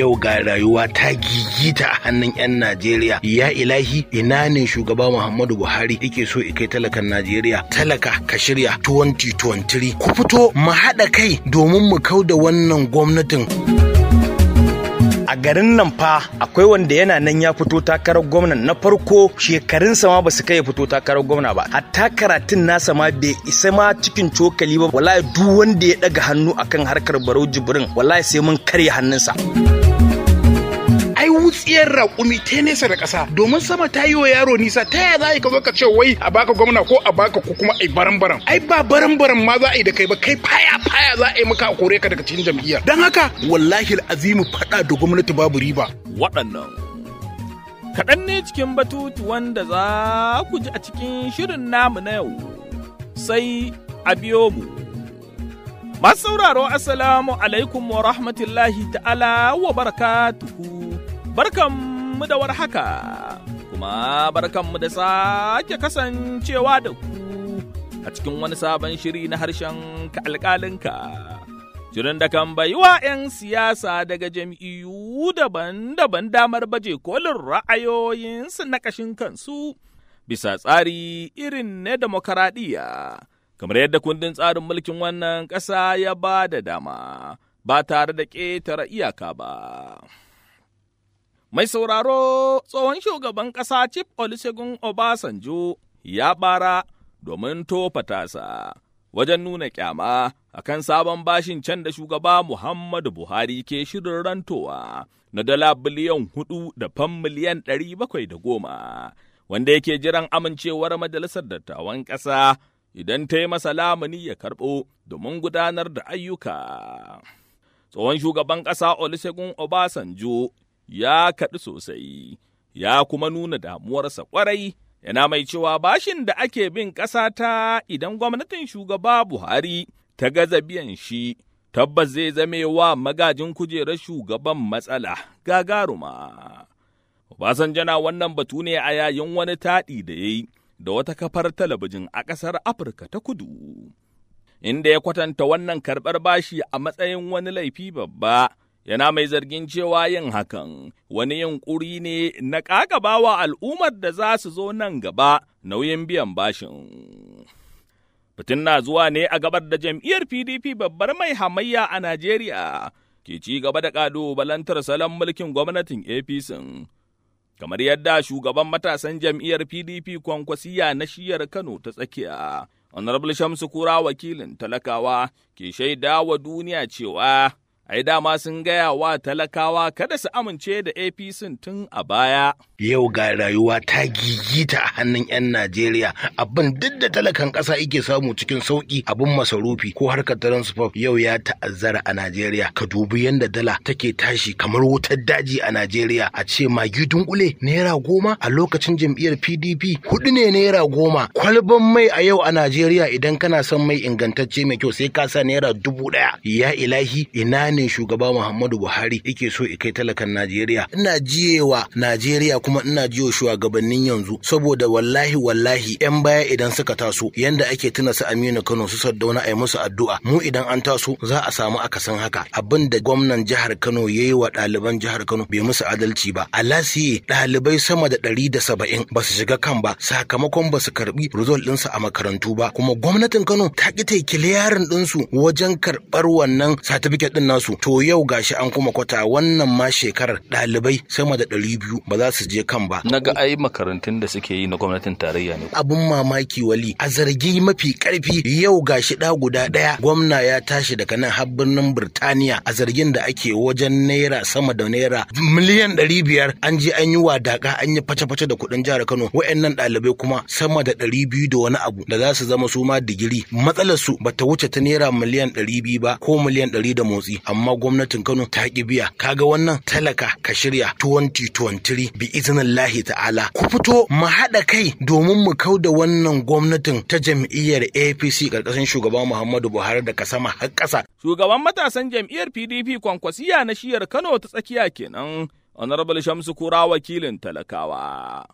yau ga rayuwa ta gigita a hannun 'yan Najeriya ya ilahi ina ne shugaba Muhammadu Buhari yake so kai talakan Najeriya talaka ka shirya 2023 ku fito mu haɗa kai domin mu kau da wannan gwamnatin. a garin nan fa akwai wanda yana nan ya fito takarar gwamna na farko shekarun sama ba su kai fito takarar gwamna ba hatta karatun nasa ma bai isa ma cikin cokali ba wallahi duk wanda ya daga hannu akan harkar barau jibrin wallahi sai mun karya hannunsa. ai wutsiyar raƙumi ta nesa da ƙasa domin sama ta yi wa yaro nisa ta yaya za ka zo ka ce wai a baka gwamna ko a baka ko kuma ai baran-baran ai ba baran ma za a yi da kai ba kai faya faya za a yi maka a kore ka daga cikin jam'iyyar don haka wallahi azimu faɗa da gwamnati babu riba waɗannan kaɗan ne cikin batutu wanda za ku ji a cikin shirin namu na yau sai a biyo mu. Masu sauraro asalamu alaikum wa rahmatullahi ta'ala wa barakatuhu. barkan mu da warhaka, kuma barkan mu da sake kasancewa da ku a cikin wani sabon shiri na harshen alƙalinka. Jirin da kan bai 'yan siyasa daga jam'iyyu daban-daban damar baje kolin ra'ayoyinsu na ƙashin kansu bisa tsari irin na demokaradiyya, kamar yadda kundin tsarin mulkin wannan ƙasa ya ba da dama, ba tare da ƙetare iyaka ba. Mai sauraro tsohon shugaban ƙasa Chief Olusegun Obasanjo ya ɓara domin tofa tasa wajen nuna kyama kan sabon bashin can da shugaba Muhammadu Buhari ke shirin rantowa na dala biliyan hudu da fan miliyan ɗari bakwai da goma wanda yake jiran amincewar majalisar dattawan ƙasa idan ta yi masa lamuni ya karɓo domin gudanar da ayyuka. Tsohon shugaban ƙasa Olusegun Obasanjo ya kaɗu sosai, ya kuma nuna damuwarsa ƙwarai, yana mai cewa bashin da ake bin ƙasa ta idan gwamnatin shugaba Buhari ta gaza biyan shi, tabbas zai zame wa magajin kujerar shugaban matsala gagaruma. Obasanjo jana wannan batu ne a yayin wani taɗi da ya yi da wata kafar talabijin a ƙasar Afirka ta kudu. Inda ya kwatanta wannan karɓar bashi a matsayin wani laifi babba yana mai zargin cewa yin hakan wani yunƙuri ne na bawa al'ummar da za su zo nan gaba nauyin biyan bashin. Fitin na zuwa ne a gabar da jam'iyyar PDP babbar mai hamayya a Najeriya ke ci gaba da balantar salon mulkin gwamnatin APC. Kamar yadda shugaban matasan jam'iyyar PDP kwankwasiya na shiyar Kano ta tsakiya, Honorable Shamsu Kura wakilin talakawa ke shaida wa duniya cewa ai dama sun gaya wa talakawa kada su amince da APC tun a baya. yau ga rayuwa ta gigita a hannun 'yan Najeriya abin duk da talakan ƙasa yake samu cikin sauƙi abin masarufi ko harkar transport yau ya ta'azzara a Najeriya ka dubi yadda dala take tashi kamar wutar daji a Najeriya a ce magi dunkule naira goma a lokacin jam'iyyar PDP hudu ne naira goma kwalban mai a yau a Najeriya idan kana son mai ingantacce mai kyau sai ka sa naira dubu ɗaya ya ilahi ina ne shugaba Muhammadu Buhari yake so ya kai talakan Najeriya ina jiyewa Najeriya kuma kuma ina jiyo shugabannin yanzu saboda wallahi wallahi yan baya idan suka taso yanda ake tuna su Aminu Kano su Sardauna ai musu addu'a mu idan an taso za a samu akasin haka abin da gwamnan jihar Kano yayi wa ɗaliban jihar Kano bai musu adalci ba alasi ɗalibai sama da ɗari da saba'in ba su shiga kan ba sakamakon ba su karɓi result ɗinsu a makarantu ba kuma gwamnatin Kano ta ƙi ta kiliyarin ɗinsu wajen karɓar wannan certificate ɗin nasu to yau gashi an kuma kwata wannan ma shekarar ɗalibai sama da ɗari biyu ba za su je je kan ba na ga ai makarantun da suke yi na gwamnatin tarayya ne abun mamaki wali a zargi mafi karfi yau shi da guda daya gwamna ya tashi daga nan har birnin Birtaniya a zargin da ake wajen naira sama da naira miliyan ɗari biyar an je an yi wadaka an yi face-face da kuɗin jihar Kano wayannan ɗalibai kuma sama da ɗari biyu da wani abu da za su zama su ma digiri matsalar su bata wuce ta naira miliyan ɗari biyu ba ko miliyan ɗari da motsi amma gwamnatin Kano ta ƙi biya kaga wannan talaka ka shirya 2023 bi izinin ta'ala ku fito mu haɗa kai domin mu kau da wannan gwamnatin ta jam'iyyar apc ƙarƙashin shugaban muhammadu buhari da sama har ƙasa. shugaban matasan jam'iyyar pdp kwankwasiya na shiyar kano ta tsakiya kenan honorable shamsu kura wakilin talakawa.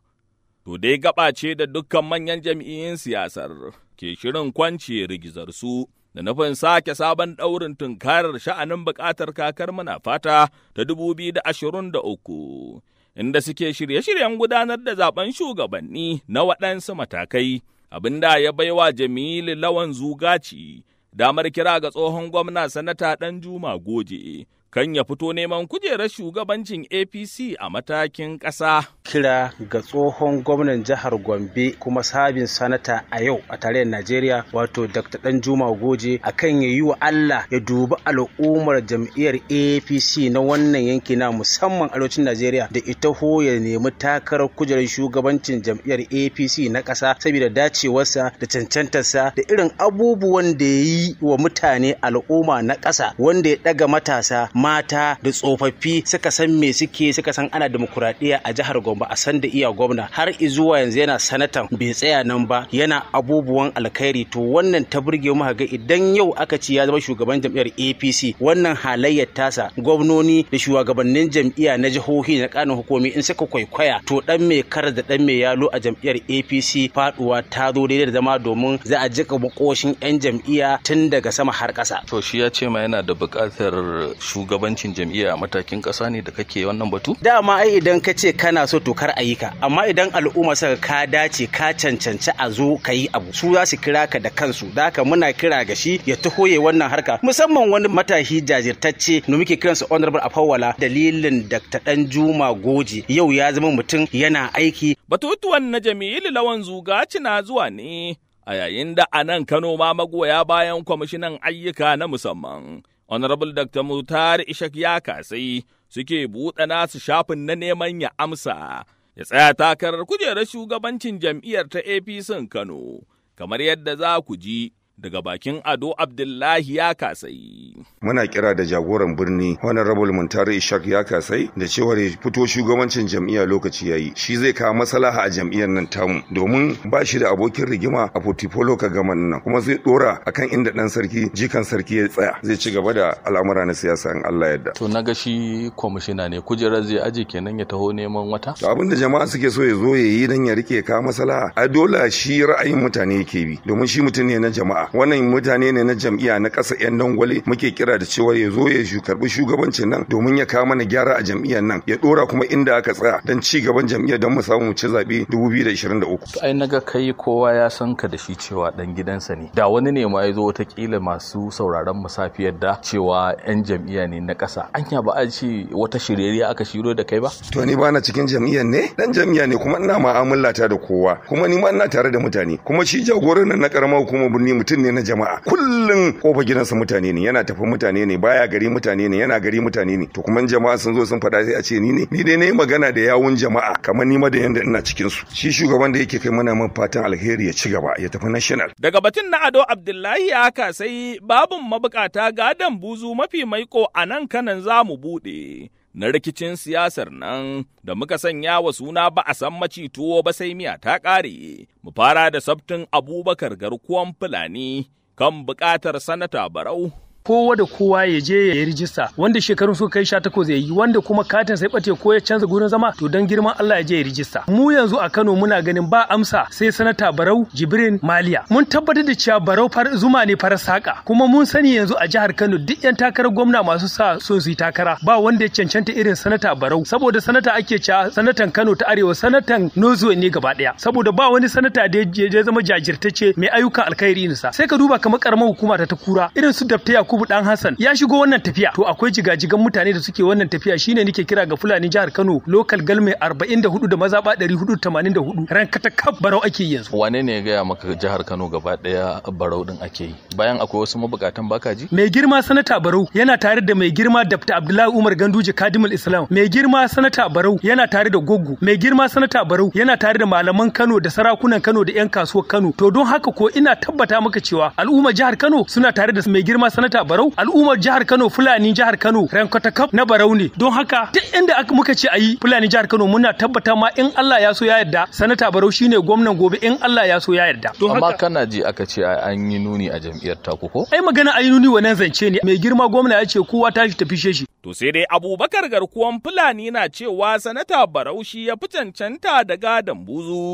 to dai gaba ce da dukkan manyan jam'iyyun siyasar ke shirin kwance rigizar su da nufin sake sabon ɗaurin tunkarar sha'anin buƙatar kakar mana fata ta 2023. inda suke shirye-shiryen gudanar da zaben shugabanni na waɗansu matakai, abin da ya baiwa Jamilu Lawan Zugaci damar kira ga tsohon gwamna sanata ɗan Juma Goje kan ya fito neman kujerar shugabancin APC a matakin ƙasa. Kira ga tsohon gwamnan jihar Gombe kuma sabin sanata a yau a tarayyar Najeriya wato Dr. Danjuma Goje a kan ya yi wa Allah ya dubi al'ummar jam'iyyar APC na wannan yanki na musamman arewacin Najeriya da ita ho ya nemi takarar kujerar shugabancin jam'iyyar APC na ƙasa saboda dacewarsa da cancantarsa da irin abubuwan da ya yi wa mutane al'umma na ƙasa wanda ya ɗaga matasa mata da tsofaffi suka san me suke suka san ana demokuraɗiyya a jihar Gombe a san da iya gwamna har izuwa yanzu yana sanatan bai tsaya nan ba yana abubuwan alkhairi to wannan ta burge mu ga idan yau aka ci ya zama shugaban jam'iyyar APC wannan halayyar tasa gwamnoni da shugabannin jam'iyya na jihohi na kanun hukumi in suka kwaikwaya to dan mai kar da dan mai yalo a jam'iyyar APC faduwa ta zo daidai da zama domin za a jika makoshin yan jam'iyya tun daga sama har kasa to shi ya ce ma yana da bukatar buƙatar shugabancin jam'iyya a matakin ƙasa ne da kake wannan batu? Dama ai idan ka ce kana so to kar ayyuka, amma idan al'umma suka ka dace ka cancanci a zo ka yi abu, su za su kira ka da kansu, da haka muna kira ga shi ya taho ya wannan harka. Musamman wani matashi jajirtacce da muke kiransa Honorable Afawala dalilin Dr. Danjuma Goji yau ya zama mutum yana aiki. Batutuwan na Jamilu Lawan zuga na zuwa ne. a yayin da a nan Kano ma magoya bayan kwamishinan ayyuka na musamman Honorable Dr. Mutar Ishak ya kasai suke buɗe nasu shafin na neman ya amsa ya tsaya takarar kujerar shugabancin jam'iyyar ta APC Kano. Kamar yadda za ku ji, daga bakin Ado Abdullahi ya kasai. Muna kira da jagoran birni Honorable Muntari Ishak ya kasai da cewa ya fito shugabancin jam'iyya lokaci yayi. Shi zai kawo maslaha a jam'iyyar nan tamu domin ba shi da abokin rigima a Potipolo ka gaman nan kuma zai dora akan inda dan sarki jikan sarki ya tsaya zai ci gaba da al'amura na siyasa in Allah yadda. To na ga shi kwamishina ne kujerar zai aje kenan ya taho neman wata. To abin da jama'a suke so ya zo ya yi dan ya rike ka maslaha a dole shi ra'ayin mutane yake bi domin shi mutum ne na jama'a wannan mutane ne na jam'iyya na ƙasa 'yan dangwale muke kira da cewa ya zo ya karbi shugabancin nan domin ya kawo mana gyara a jam'iyyar nan ya dora kuma inda aka tsaya don ci gaban jam'iyyar don mu samu mu ci zaɓe 2023. to ai naga kai kowa ya san ka da shi cewa dan gidansa ne da wani ne ma ya zo watakila masu sauraron musafiyar da cewa 'yan jam'iyya ne na ƙasa anya ba a ce wata shiryayya aka shiro da kai ba. to ni ba na cikin jam'iyyar ne dan jam'iyya ne kuma ina ma'amala ta da kowa kuma ni ma ina tare da mutane kuma shi jagoran nan na karamar hukumar birni mutum mutum ne na jama'a kullum kofa gidansa mutane ne yana tafi mutane ne baya gari mutane ne yana gari mutane ne to kuma jama'a sun zo sun faɗa sai a ce ni ne ni dai nayi magana da yawun jama'a kamar ni ma da yanda ina cikin su shi shugaban da yake kai muna man fatan alheri ya ci gaba ya tafi national daga batun na Ado Abdullahi haka sai babun mabukata gadon buzu mafi maiko a nan kanan za mu buɗe na rikicin siyasar nan da muka sanya wa suna ba a san maci tuwo ba sai miya ta ƙare, mu fara da sabtin abubakar garkuwan Fulani kan buƙatar sanata barau. kowa da kowa ya je ya yi rijista wanda shekarun su kai sha takwas ya yi wanda kuma katin sai bace ko ya canza gurin zama to dan girman Allah ya je ya rijista mu yanzu a Kano muna ganin ba amsa sai sanata Barau Jibrin Maliya mun tabbatar da cewa Barau far zuma ne far saka kuma mun sani yanzu a jihar Kano duk yan takarar gwamna masu sa son su yi takara ba wanda ya cancanta irin sanata Barau saboda sanata ake cewa sanatan Kano ta Arewa sanatan Nozo ne gaba daya saboda ba wani sanata da ya zama jajirtacce mai ayyukan alkhairi ne sa sai ka duba kamar karamar hukuma ta Kura irin su Dafta Yakubu Yakubu dan Hassan ya shigo wannan tafiya to akwai jigajigan mutane da suke wannan tafiya shine nake kira ga Fulani jihar Kano local galme 44 da mazaba 484 rankata kab barau ake yanzu wane ne ya gaya maka jihar Kano gaba daya barau din ake yi bayan akwai wasu mabukatan baka ji mai girma sanata barau yana tare da mai girma Dr. Abdullahi Umar Ganduje Kadimul Islam mai girma sanata barau yana tare da Goggo mai girma sanata barau yana tare da malaman Kano da sarakunan Kano da yan kasuwar Kano to don haka ko ina tabbata maka cewa al'umma jihar Kano suna tare da mai girma sanata barau al'ummar jihar kano fulani jihar kano rankata kaf na barau ne don haka duk inda muka ce a yi fulani jihar kano muna tabbata ma in allah ya so ya yarda sanata barau shine gwamnan gobe in allah ya so ya yarda amma kana ji aka ce an yi nuni a jam'iyyar taku ko ai magana an yi nuni wannan zance ne mai girma gwamna ya ce kowa ta ta tafi shi to sai dai abubakar garkuwan fulani na cewa sanata barau shi ya fi cancanta daga dambuzu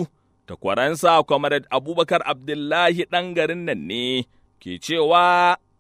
takwaransa comrade abubakar abdullahi ɗan garin nan ne ke cewa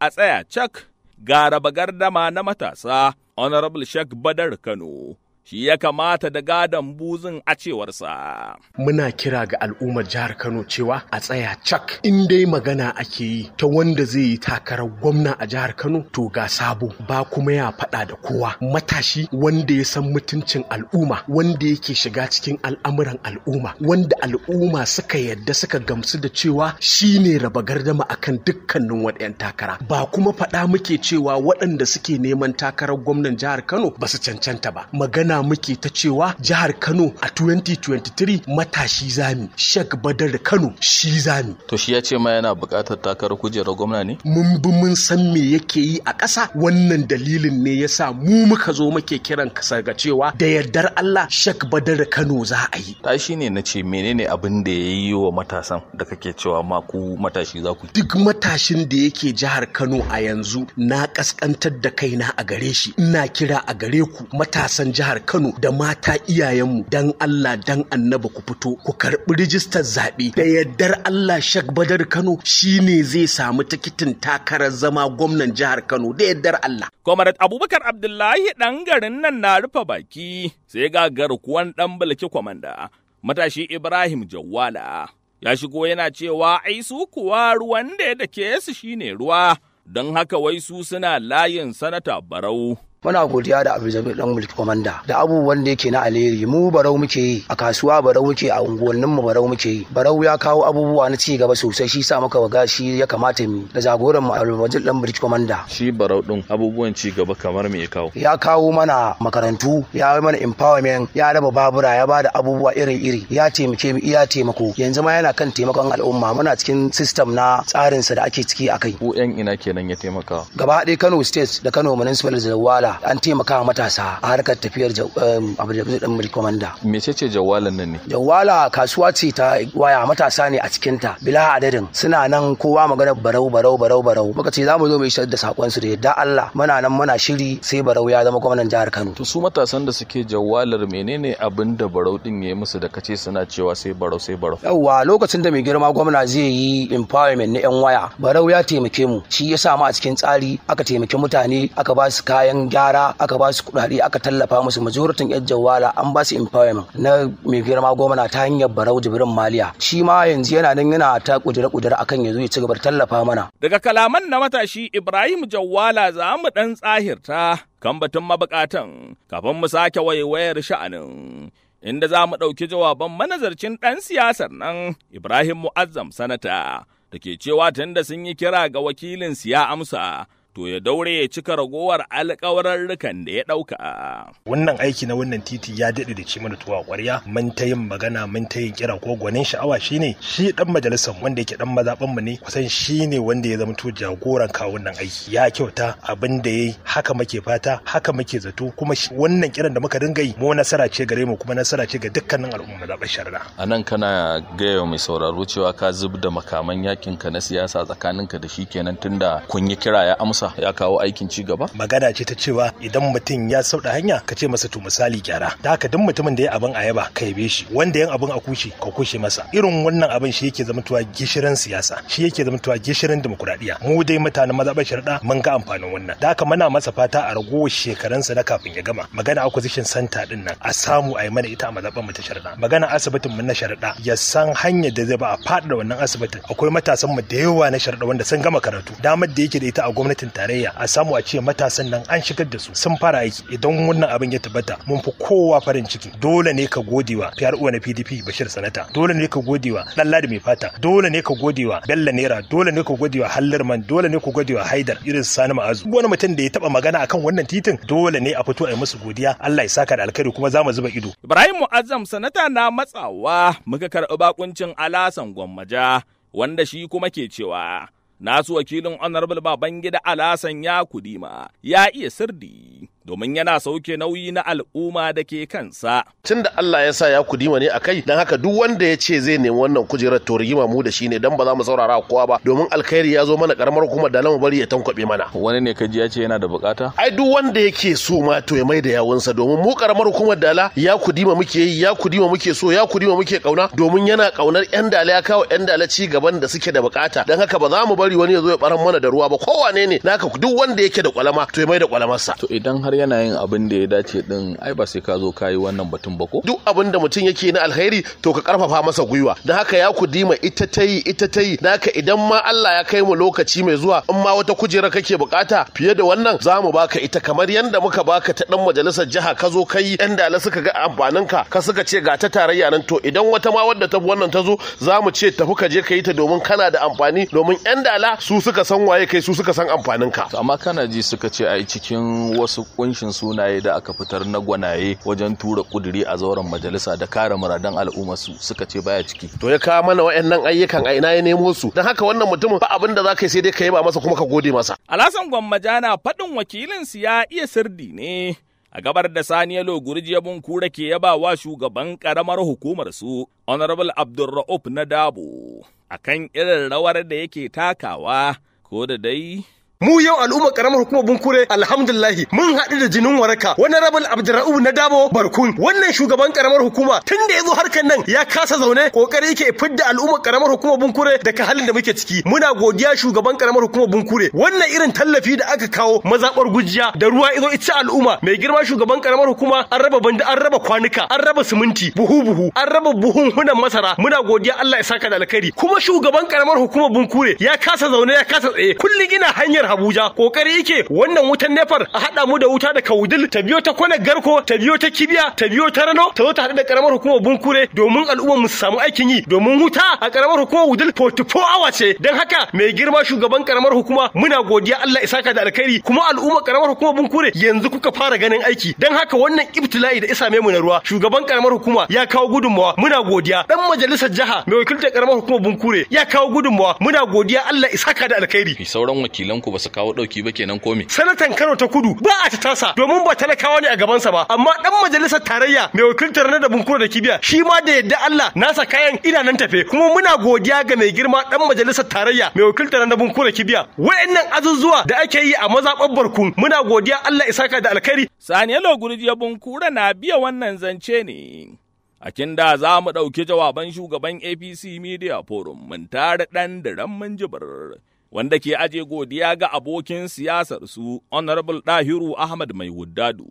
a tsaya cak gara raba gardama na matasa Honorable Sheikh Badar Kano shi ya kamata da gadon buzin a cewarsa. Muna kira ga al'ummar jihar Kano cewa a tsaya cak in dai magana ake yi ta wanda zai yi takarar gwamna a jihar Kano to ga sabo ba kuma ya faɗa da kowa matashi wanda ya san mutuncin al'umma wanda yake shiga cikin al'amuran al'umma wanda al'umma suka yadda suka gamsu da cewa shi ne raba gardama akan dukkanin waɗannan takara ba kuma faɗa muke cewa waɗanda suke neman takarar gwamnan jihar Kano ba su cancanta ba magana magana muke ta cewa jihar Kano a 2023 matashi zami Sheikh Badar Kano shi zami to shi ya ce ma yana buƙatar takarar kujerar gwamna ne mun bi mun san me yake yi a ƙasa wannan dalilin ne yasa mu muka zo muke kiran kasar ga cewa da yardar Allah Sheikh Badar Kano za a yi tashi ne na ce menene abin da ya yi wa matasan da kake cewa ma ku matashi za ku duk matashin da yake jihar Kano a yanzu na kaskantar da kaina a gare shi ina kira a gare ku matasan jihar Kano da mata iyayenmu dan Allah dan annaba ku fito ku karɓi rijistar zaɓe da yardar Allah shek Badar Kano shine zai samu tikitin takarar zama gwamnan jihar Kano da yardar Allah. Comrade Abubakar Abdullahi ɗan garin nan na rufe baki sai ga garkuwan ɗan bulki kwamanda matashi Ibrahim Jawala. Ya shigo yana cewa ai su kuwa ruwan da ya dake su shine ruwa don haka wai su suna layin sanata barau. muna godiya da abdul dan mulki komanda da abubuwan da yake na alheri mu barau muke yi a kasuwa barau muke a unguwannin mu barau muke yi barau ya kawo abubuwa na ci gaba sosai shi sa muka waga shi ya kamata mu da jagoran mu abdul dan mulki komanda shi barau din abubuwan ci gaba kamar me ya kawo ya kawo mana makarantu ya yi mana empowerment ya raba babura ya bada abubuwa iri-iri ya taimake mu iya taimako yanzu ma yana kan taimakon al'umma muna cikin system na tsarinsa da ake ciki akai Ko yan ina kenan ya taimaka gaba ɗaya Kano state da Kano municipal Zawala an taimaka wa matasa a harkar tafiyar abin dan mulki komanda ce jawalan nan ne jawala kasuwa ce ta waya matasa ne a cikin ta bila adadin suna nan kowa magana barau barau barau barau muka ce za mu zo mu isar da sakon su da yadda Allah muna nan muna shiri sai barau ya zama gwamnan jihar Kano to su matasan da suke jawalar menene abin da barau din ya musu da kace suna cewa sai barau sai barau yawa lokacin da mai girma gwamna zai yi empowerment na yan waya barau ya taimake mu shi ya sa mu a cikin tsari aka taimaki mutane aka ba su kayan gyara gyara aka ba su kuɗaɗe aka tallafa musu majoritin yan jawala an ba su empowerment na mai girma gwamna ta hanyar barau jibrin maliya shi ma yanzu yana nan yana ta kudura kudura akan yanzu ya ci gaba tallafa mana daga kalaman na matashi ibrahim jawala za mu dan tsahirta kan batun mabukatan kafin mu sake waiwayar sha'anin inda za mu ɗauki jawaban manazarcin ɗan siyasar nan Ibrahim Mu'azzam Sanata da ke cewa tunda sun yi kira ga wakilin siya amsa to ya daure ya cika ragowar alkawararrukan da ya ɗauka. Wannan aiki na wannan titi ya daɗe da ci tuwa ƙwarya mun ta yin magana mun ta yin kira ko gwanin sha'awa shine shi ɗan majalisar wanda yake ɗan mazaɓan mu ne kusan shi ne wanda ya zama jagoran kawo wannan aiki ya kyauta abin da ya yi haka muke fata haka muke zato kuma wannan kiran da muka dinga yi mu nasara ce gare mu kuma nasara ce ga dukkanin al'umma zaɓen shari'a. A nan kana gaya mai sauraro cewa ka zub da makaman yakin ka na siyasa tsakaninka da shi kenan tunda kun yi kira ya amsa ƙasa ya kawo aikin ci gaba magana ce ta cewa idan mutum ya sauɗa hanya ka ce masa to misali gyara da haka duk mutumin da ya abin ayaba ka yabe shi wanda yan abin a kushe ka kushe masa irin wannan abin shi yake zamantowa gishirin siyasa shi yake zamantowa gishirin demokuraɗiyya mu dai mutanen mazaɓar sharaɗa mun ga amfanin wannan da haka muna masa fata a ragowar shekarunsa na kafin ya gama magana acquisition center din nan a samu a yi mana ita a mazaɓar mu ta sharaɗa magana asibitin mu na sharaɗa ya san hanyar da zai ba a faɗa wannan asibitin akwai matasan mu da yawa na sharaɗa wanda sun gama karatu damar da yake da ita a gwamnatin tarayya a samu a ce matasan nan an shigar da su sun fara aiki idan wannan abin ya tabbata mun fi kowa farin ciki dole ne ka gode wa fiyar uwa na PDP Bashir Sanata dole ne ka wa Dan Ladi mai fata dole ne ka gode wa Bello Naira dole ne ka gode wa Hallarman dole ne ka gode wa Haidar irin Sani Ma'azu wani mutum da ya taba magana akan wannan titin dole ne a fito a yi musu godiya Allah ya saka da alkhairi kuma za mu zuba ido Ibrahim Mu'azzam Sanata na matsawa muka karɓi bakuncin Alasan Gwammaja wanda shi kuma ke cewa nasu wakilin honorable babangida alasan ya kudima ya iya sirdi domin yana sauke nauyi na al'umma da ke kansa. Tun da Allah ya sa ya dima ne a kai, don haka duk wanda ya ce zai nemi wannan kujerar to rigima mu da shi ne don ba za mu saurara kowa ba, domin alkhairi ya zo mana karamar kuma da lamu bari ya tankwabe mana. Wani ne ji ya ce yana da bukata? Ai duk wanda yake so ma to ya mai da yawunsa domin mu karamar hukumar dala ya kudima muke yi, ya kudima muke so, ya kudima muke kauna domin yana kaunar yan dala ya kawo yan dala ci gaban da suke da bukata. Don haka ba za mu bari wani ya zo ya barar mana da ruwa ba kowane ne naka duk wanda yake da kwalama to ya mai da kwalamarsa. har yana yin abin da ya dace din ai ba sai ka zo ka yi wannan batun ba ko duk abin da mutum yake na alheri to ka karfafa masa gwiwa dan haka ya kudima ita ta yi ita ta yi haka idan ma Allah ya kai mu lokaci mai zuwa in ma wata kujera kake bukata fiye da wannan za mu baka ita kamar yadda muka baka ta dan majalisar jiha ka zo kai yan dala suka ga amfanin ka ka suka ce ga ta tarayya nan to idan wata ma wadda ta wannan ta zo za mu ce tafi ka je ka yi ta domin kana da amfani domin yan dala su suka san waye kai su suka san amfanin ka amma kana ji suka ce ai cikin wasu kunshin sunaye da aka fitar na gwanaye wajen tura kuduri a zauren majalisa da kare muradan al'umma su suka ce baya ciki to ya kawo mana wayannan ayyukan a ina ya nemo su dan haka wannan mutumin ba abin da zaka yi sai dai ka yaba masa kuma ka gode masa alasan gwamma fadin wakilin su ya iya sirdi ne a gabar da saniya ya yabon kura ke yabawa shugaban karamar hukumar su honorable abdulra'uf na dabo akan irin rawar da yake takawa ko da dai mu yau al'umma karamar hukumar bunkure alhamdulillahi mun haɗu da jinin waraka wani rabal abdurra'u na dabo barkun wannan shugaban karamar hukuma tun da ya zo harkar nan ya kasa zaune kokari yake fidda al'umma karamar hukumar bunkure daga halin da muke ciki muna godiya shugaban karamar hukumar bunkure wannan irin tallafi da aka kawo mazabar gujiya da ruwa izo ita al'umma mai girma shugaban karamar hukuma an raba bandi an raba kwanuka an raba siminti buhu buhu an raba buhun hunan masara muna godiya Allah ya saka da alkhairi kuma shugaban karamar hukumar bunkure ya kasa zaune ya kasa tsaye kullun ina hanyar Abuja kokari yake wannan wutan nefar a haɗa mu da wuta da kaudil ta biyo ta kwana garko ta biyo ta kibiya ta biyo ta rano ta zo ta haɗu da karamar hukumar bunkure domin al'ummar mu samu aikin yi domin wuta a karamar hukumar wudil 44 awa ce don haka mai girma shugaban karamar hukuma muna godiya Allah isaka da alkhairi kuma al'umma karamar hukumar bunkure yanzu kuka fara ganin aiki don haka wannan ibtila'i da isa mu na ruwa shugaban karamar hukuma ya kawo gudunmawa muna godiya dan majalisar jiha mai wakiltar karamar hukumar bunkure ya kawo gudunmawa muna godiya Allah isaka da alkhairi sauran wakilan ba su kawo dauki ba kenan komai sanatan Kano ta Kudu ba a tasa domin ba talakawa ne a gaban sa ba amma dan majalisar tarayya mai wakiltar na da bunkura da kibiya shi ma da yadda Allah nasa kayan ina nan tafe kuma muna godiya ga mai girma dan majalisar tarayya mai wakiltar na bunkura kibiya wayannan azuzuwa da ake yi a mazaɓar barkun muna godiya Allah isaka da alkhairi Saniyalo Gurjiya Bunkura na biya wannan zance ne a kin da za mu ɗauki jawaban shugaban apc media forum mun tare ɗan da ran mun jibar wanda ke aje godiya ga abokin siyasarsu Honorable Dahiru Ahmad Mai Wuddadu.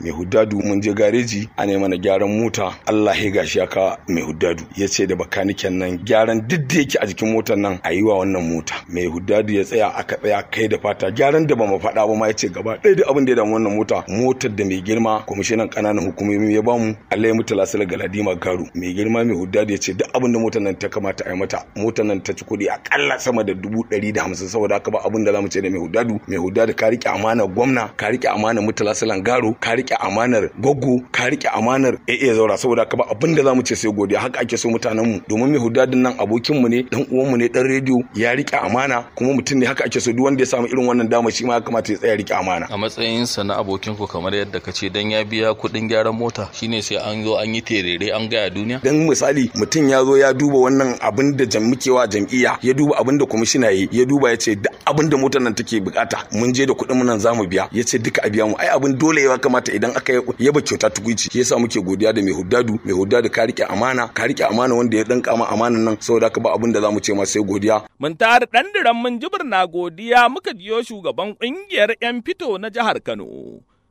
mai huddadu mun je gareji ana mana gyaran mota Allah ya gashi ya mai huddadu ya ce da bakaniken nan gyaran duk da yake a jikin motar nan a yi wa wannan mota mai huddadu ya tsaya aka tsaya kai da fata gyaran da ba mu faɗa ba ma ya ce gaba ɗaya da abin da ya damu wannan mota motar da mai girma kwamishinan ƙananan hukumomi ya bamu Allah ya mutu lasila galadima garu mai girma mai huddadu ya ce duk abin da motar nan ta kamata a yi mata motar nan ta ci kuɗi akalla sama da dubu ɗari da hamsin saboda haka ba abin da za mu ce da mai huddadu mai huddadu ka riƙe amana gwamna ka riƙe amana mutu lasila garu ka riƙe riƙe amanar goggo ka riƙe amanar AA zaura saboda ka ba abin da zamu ce sai godiya haka ake so mutanen mu domin mai hudadin nan abokin mu ne dan uwan ne dan rediyo ya riƙe amana kuma mutum ne haka ake so duk wanda ya samu irin wannan dama shi ma ya kamata ya tsaya rike amana a matsayin sa na abokin ku kamar yadda ka ce dan ya biya kuɗin gyaran mota shine sai an zo an yi terere an gaya duniya dan misali mutum ya zo ya duba wannan abin da wa jam'iyya ya duba abin da kwamishina yi ya duba ya ce duk abin da motar nan take bukata mun je da kuɗin mu nan zamu biya ya ce duka a biya mu ai abin dole ya kamata idan aka yaba kyauta tukuici yasa muke godiya da mai huddadu mai huddadu ka rike amana ka rike amana wanda ya danka ma amanan nan saboda ka ba abin da mu ce ma sai godiya mun tar dan diran mun jibir na godiya muka jiyo shugaban kungiyar yan fito na jihar Kano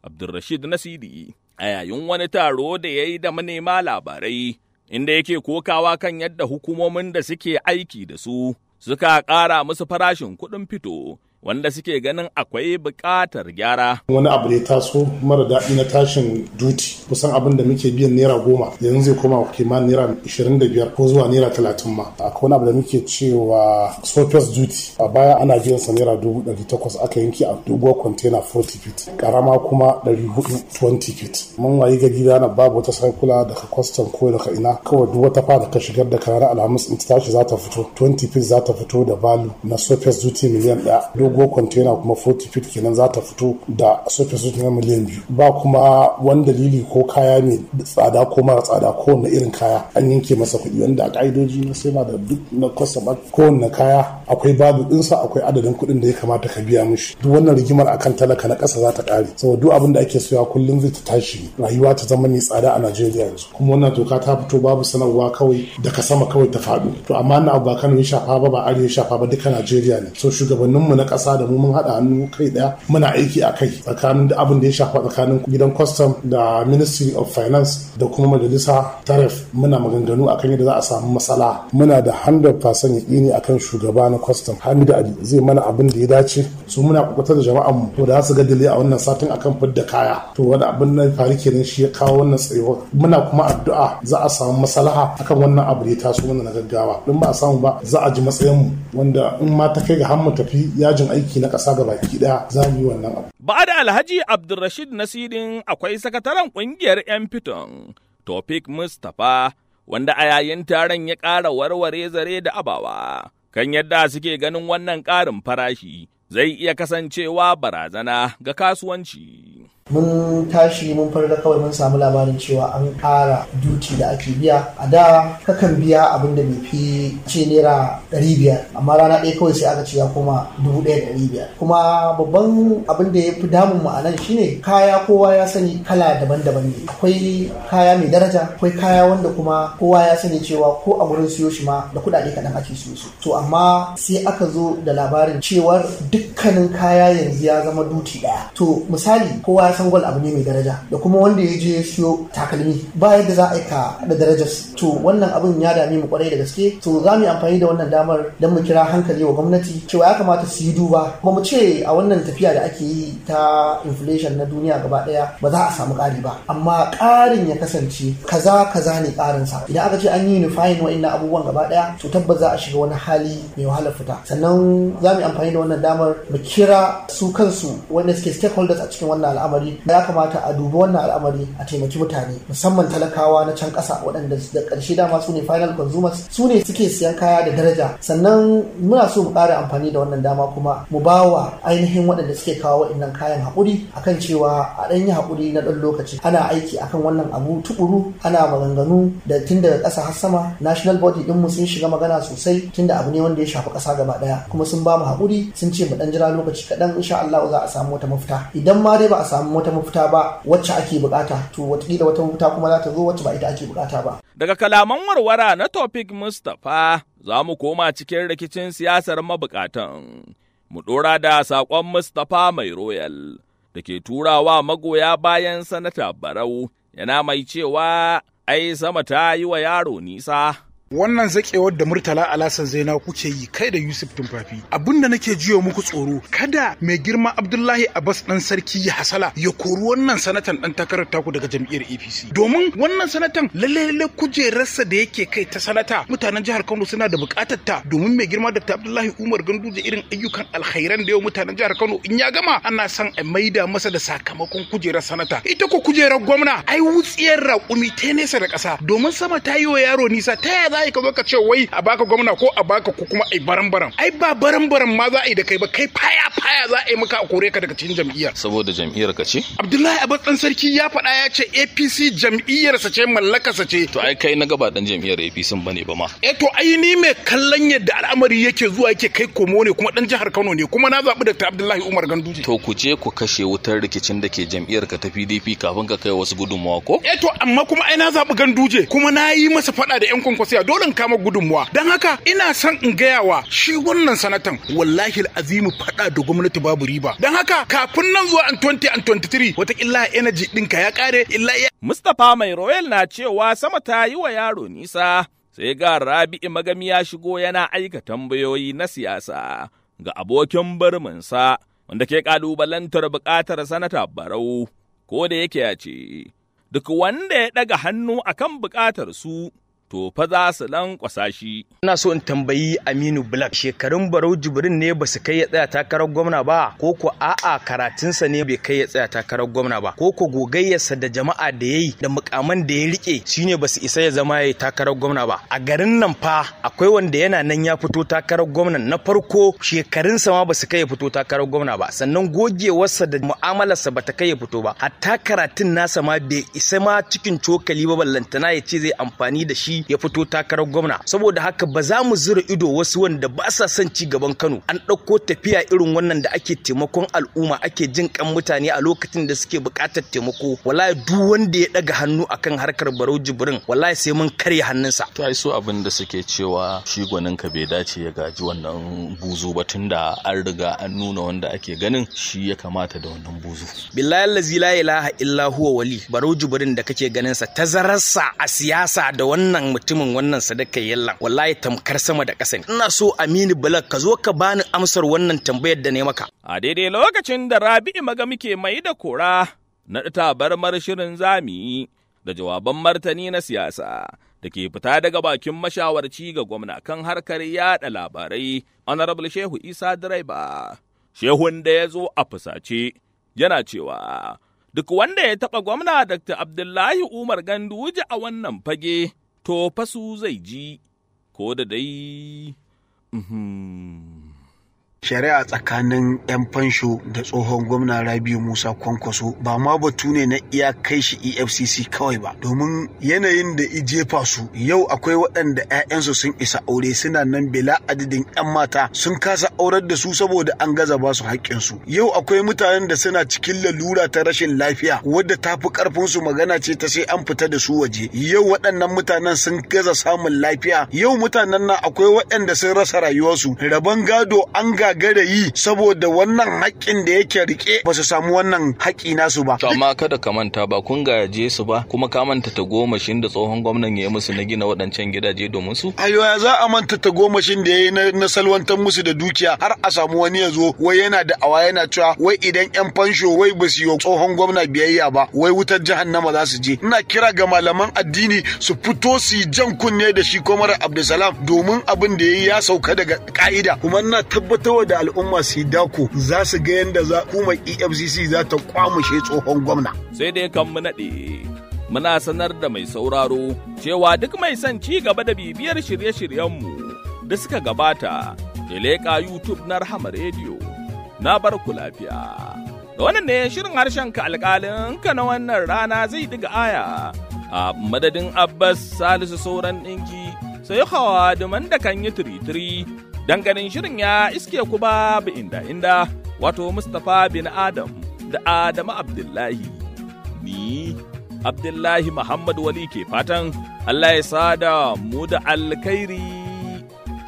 Abdulrashid Nasidi a yayin wani taro da ya yi da manema labarai inda yake kokawa kan yadda hukumomin da suke aiki da su suka ƙara musu farashin kuɗin fito wanda suke ganin akwai buƙatar gyara. Wani abu da ya taso mara daɗi na tashin duti kusan abin da muke biyan naira goma yanzu zai koma kimanin naira ishirin da biyar ko zuwa naira talatin ma. Akwai wani abu da muke cewa surface duty a baya ana biyan sa naira dubu ɗari takwas aka yanke a doguwar kwantena forty feet karama kuma ɗari hudu twenty feet. Mun wayi ga gida na babu wata sankula daga kwastam ko daga ina kawai duk wata fa da ka shigar da kara alhamis in ta tashi za ta fito twenty feet za ta fito da balu na sofes duty miliyan ɗaya. dogo kwantena kuma 40 feet kenan za ta fito da sofi na miliyan biyu ba kuma wani dalili ko kaya mai tsada ko mara tsada ko wani irin kaya an yanke masa kuɗi wanda a ka'idoji na sai ma da duk na kwasa ko kowanne kaya akwai babu ɗinsa akwai adadin kuɗin da ya kamata ka biya mishi duk wannan rigimar akan talaka na ƙasa za ta ƙare saboda duk abin da ake soya kullum zai ta tashi rayuwa ta zama mai tsada a Najeriya yanzu kuma wannan doka ta fito babu sanarwa kawai daga sama kawai ta faɗo to amma na abu ba Kano ya shafa ba ba Arewa ya shafa ba duka Najeriya ne so shugabanninmu na ƙasa matasa da mu mun haɗa hannu kai ɗaya muna aiki a kai tsakanin da abin da ya shafa tsakanin gidan kwastam da ministry of finance da kuma majalisa taref muna maganganu a kan yadda za a samu matsala muna da ne yaƙini kan shugaba na kwastam hamidu ali zai mana abin da ya dace su muna kukutar da jama'an mu to da su ga dalili a wannan satin akan fidda kaya to wani abin nan faru kenan shi ya kawo wannan tsayuwar muna kuma addu'a za a samu maslaha akan wannan abu da ya taso mana na gaggawa don ba a samu ba za a ji matsayin mu wanda in ma ta kai ga har mu tafi yajin aiki na ƙasa ga baki ɗaya za mu yi wannan abu. Ba da Alhaji Abdulrashid Nasirin akwai sakataren ƙungiyar 'yan fiton Topic Mustapha wanda a yayin taron ya ƙara warware zare da abawa kan yadda suke ganin wannan ƙarin farashi zai iya kasancewa barazana ga kasuwanci. mun tashi mun farga kawai mun samu labarin cewa an ƙara duti da ake biya a da kakan biya abinda da bai fi ce naira ɗari biyar amma rana ɗaya kawai sai aka ce ya koma dubu ɗaya ɗari biyar kuma babban abin da ya fi damun mu a nan shine kaya kowa ya sani kala daban-daban ne akwai kaya mai daraja akwai kaya wanda kuma kowa ya sani cewa ko a wurin siyo shi ma da kuɗaɗe kaɗan ake siyo su to amma sai aka zo da labarin cewar dukkanin kaya yanzu ya zama duti ɗaya to misali kowa san gwal abu ne mai daraja da kuma wanda ya je siyo takalmi ba yadda za a yi ka da darajar to wannan abin ya dami mu kwarai da gaske to za mu yi amfani da wannan damar dan mu kira hankali wa gwamnati cewa ya kamata su yi duba ba mu ce a wannan tafiya da ake yi ta inflation na duniya gaba daya ba za a samu ƙari ba amma ƙarin ya kasance kaza kaza ne ƙarin sa idan aka ce an yi wa wa'annan abubuwan gaba daya to tabbas za a shiga wani hali mai wahalar fita sannan za mu yi amfani da wannan damar mu kira su kansu wanda suke stakeholders a cikin wannan al'amari al'amari ya kamata a dubi wannan al'amari a taimaki mutane musamman talakawa na can ƙasa waɗanda da ƙarshe dama su ne final consumers su ne suke siyan kaya da daraja sannan muna so mu ƙara amfani da wannan dama kuma mu ba wa ainihin waɗanda suke kawo waɗannan kayan haƙuri akan cewa a ɗan yi haƙuri na ɗan lokaci ana aiki akan wannan abu tukuru ana maganganu da tun daga ƙasa har sama national body ɗinmu sun shiga magana sosai tun da abu ne wanda ya shafi ƙasa gaba ɗaya kuma sun ba mu haƙuri sun ce mu ɗan jira lokaci kaɗan insha Allah za a samu wata mafita idan ma dai ba a samu wata mafita ba wacce ake bukata to watakila wata mafita kuma za ta zo wacce ba ita ake bukata ba. Daga kalaman warwara na Topic Mustapha za mu koma cikin rikicin siyasar mabukatan. Mu ɗora da sakon Mustapha mai royal da ke turawa magoya bayan sanata Barau yana mai cewa ai sama ta yi wa yaro nisa. wannan zakewar da murtala alasan zaina kuke yi kai da yusuf tumfafi abinda nake jiyo muku tsoro kada mai girma abdullahi abbas dan sarki ya hasala ya kori wannan sanatan dan takarar taku daga jam'iyyar apc domin wannan sanatan lalle lalle kujerarsa da yake kai ta sanata mutanen jihar kano suna da bukatar ta domin mai girma dr abdullahi umar gandu da irin ayyukan alkhairan da yau mutanen jihar kano in ya gama ana son a maida masa da sakamakon kujerar sanata ita ko kujerar gwamna ai wutsiyar raƙumi ta nesa da ƙasa domin sama ta yi wa yaro nisa ta za ka zo ka ce wai a baka gwamna ko a baka ko kuma ai baran ai ba baran ma za a yi da kai ba kai faya-faya za a yi maka a kore ka daga cikin jam'iyyar saboda jam'iyyar ka ce abdullahi abbas dan sarki ya faɗa ya ce apc jam'iyyarsa ce mallakarsa ce to ai kai na gaba dan jam'iyyar apc ne ba ma eh to ai ni mai kallon yadda al'amari yake zuwa yake kai komo ne kuma dan jihar kano ne kuma na zaɓi da abdullahi umar ganduje to ku je ku kashe wutar rikicin da ke jam'iyyar ka ta pdp kafin ka kai wasu gudunmawa ko eh to amma kuma ai na zaɓi ganduje kuma na yi masa faɗa da yan kwankwasiya dole in kama gudunmuwa don haka ina son in gaya wa shi wannan sanatan wallahi azimu fada da gwamnati babu riba don haka kafin nan zuwa an 20 an 23 illa energy ɗinka ya kare illa ya Mustapha mai royal na cewa sama ta yi wa yaro nisa sai ga rabi'i magami ya shigo yana aika tambayoyi na siyasa ga abokin barminsa wanda ke kalubalantar bukatar sanata barau ko da yake ya ce duk wanda ya ɗaga hannu akan bukatar su to fa za su lankwasa shi. Ina so in tambayi Aminu Black shekarun Barau Jibrin ne ba su kai ya tsaya takarar gwamna ba ko ko a'a karatunsa ne bai kai ya tsaya takarar gwamna ba ko ko gogayyarsa da jama'a da ya yi da mukaman da ya rike shine ba su isa ya zama ya takarar gwamna ba. A garin nan fa akwai wanda yana nan ya fito takarar gwamna na farko shekarunsa ma ba su kai ya fito takarar gwamna ba sannan gogewarsa da mu'amalarsa ba ta kai ya fito ba hatta karatun nasa ma bai isa ma cikin cokali ba ballantana ya ce zai amfani da shi ya fito takarar gwamna saboda haka ba za mu zura ido wasu wanda ba sa son ci gaban Kano an ɗauko tafiya irin wannan da ake taimakon al'umma ake jin kan mutane a lokacin da suke buƙatar taimako wallahi duk wanda ya ɗaga hannu akan harkar Barau Jibrin wallahi sai mun karya hannunsa to ai so abin da suke cewa shi gwanin ka bai dace ya gaji wannan buzu ba tunda an riga an nuna wanda ake ganin shi ya kamata da wannan buzu billahi allazi la ilaha illa huwa wali Barau Jibrin da kake ganin sa tazararsa a siyasa da wannan mutumin wannan sadaka yallan wallahi tamkar sama da ƙasa ina so Aminu Balak ka zo ka bani amsar wannan tambayar da ne maka a daidai lokacin da Rabi'u maga muke mai da kora na tabarmar shirin zami da jawaban martani na siyasa da ke fita daga bakin mashawarci ga gwamna kan harkar yada labarai honorable shehu isa direba shehun da ya zo a fusace yana cewa duk wanda ya taɓa gwamna dr abdullahi umar ganduje a wannan fage to fasu zai ji ko da dai. Mm shari'a tsakanin 'yan fansho da tsohon gwamna rabiu musa kwankwaso ba ma batu ne na iya kai shi efcc kawai ba domin yanayin da i jefa su yau akwai waɗanda 'ya'yansu sun isa aure suna nan bela adadin 'yan mata sun kasa aurar da su saboda an gaza ba su haƙƙinsu yau akwai mutanen da suna cikin lalura ta rashin lafiya wadda ta fi ƙarfinsu magana ce ta sai an fita da su waje yau waɗannan mutanen sun gaza samun lafiya yau mutanen nan akwai waɗanda sun rasa rayuwarsu rabon gado an ga gagara yi saboda wannan haƙƙin da yake rike ba su samu wannan haƙƙi nasu ba. Amma kada ka manta ba kun gaje su ba kuma ka manta ta gomashin da tsohon gwamnan ya yi musu na gina waɗancan gidaje domin su. Ayo ya za a manta ta gomashin da ya yi na salwantar musu da dukiya har a samu wani ya zo wai yana da awa yana cewa wai idan yan fansho wai ba su yi tsohon gwamna biyayya ba wai wutar jahannama za su je. Ina kira ga malaman addini su fito su yi jan kunne da shi Komar Abdulsalam domin abin da ya yi ya sauka daga ka'ida kuma ina tabbatar da al'umma su dako za su ga yadda za kuma efcc za ta kwamushe tsohon gwamna sai dai kan mu naɗe muna sanar da mai sauraro cewa duk mai son ci gaba da bibiyar shirye-shiryenmu da suka gabata da leƙa youtube na rahama rediyo na bar ku lafiya da wannan ne shirin harshen ka alƙalin ka na wannan rana zai diga aya a madadin abbas salisu sauran ɗinki sai hawa man da kan yi tiri Danganin shirin ya iske ku ba babu inda inda wato Mustapha bin Adam da Adamu Abdullahi. Ni Abdullahi Muhammad Wali ke fatan Allah ya sada mu da alkhairi.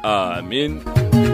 Amin.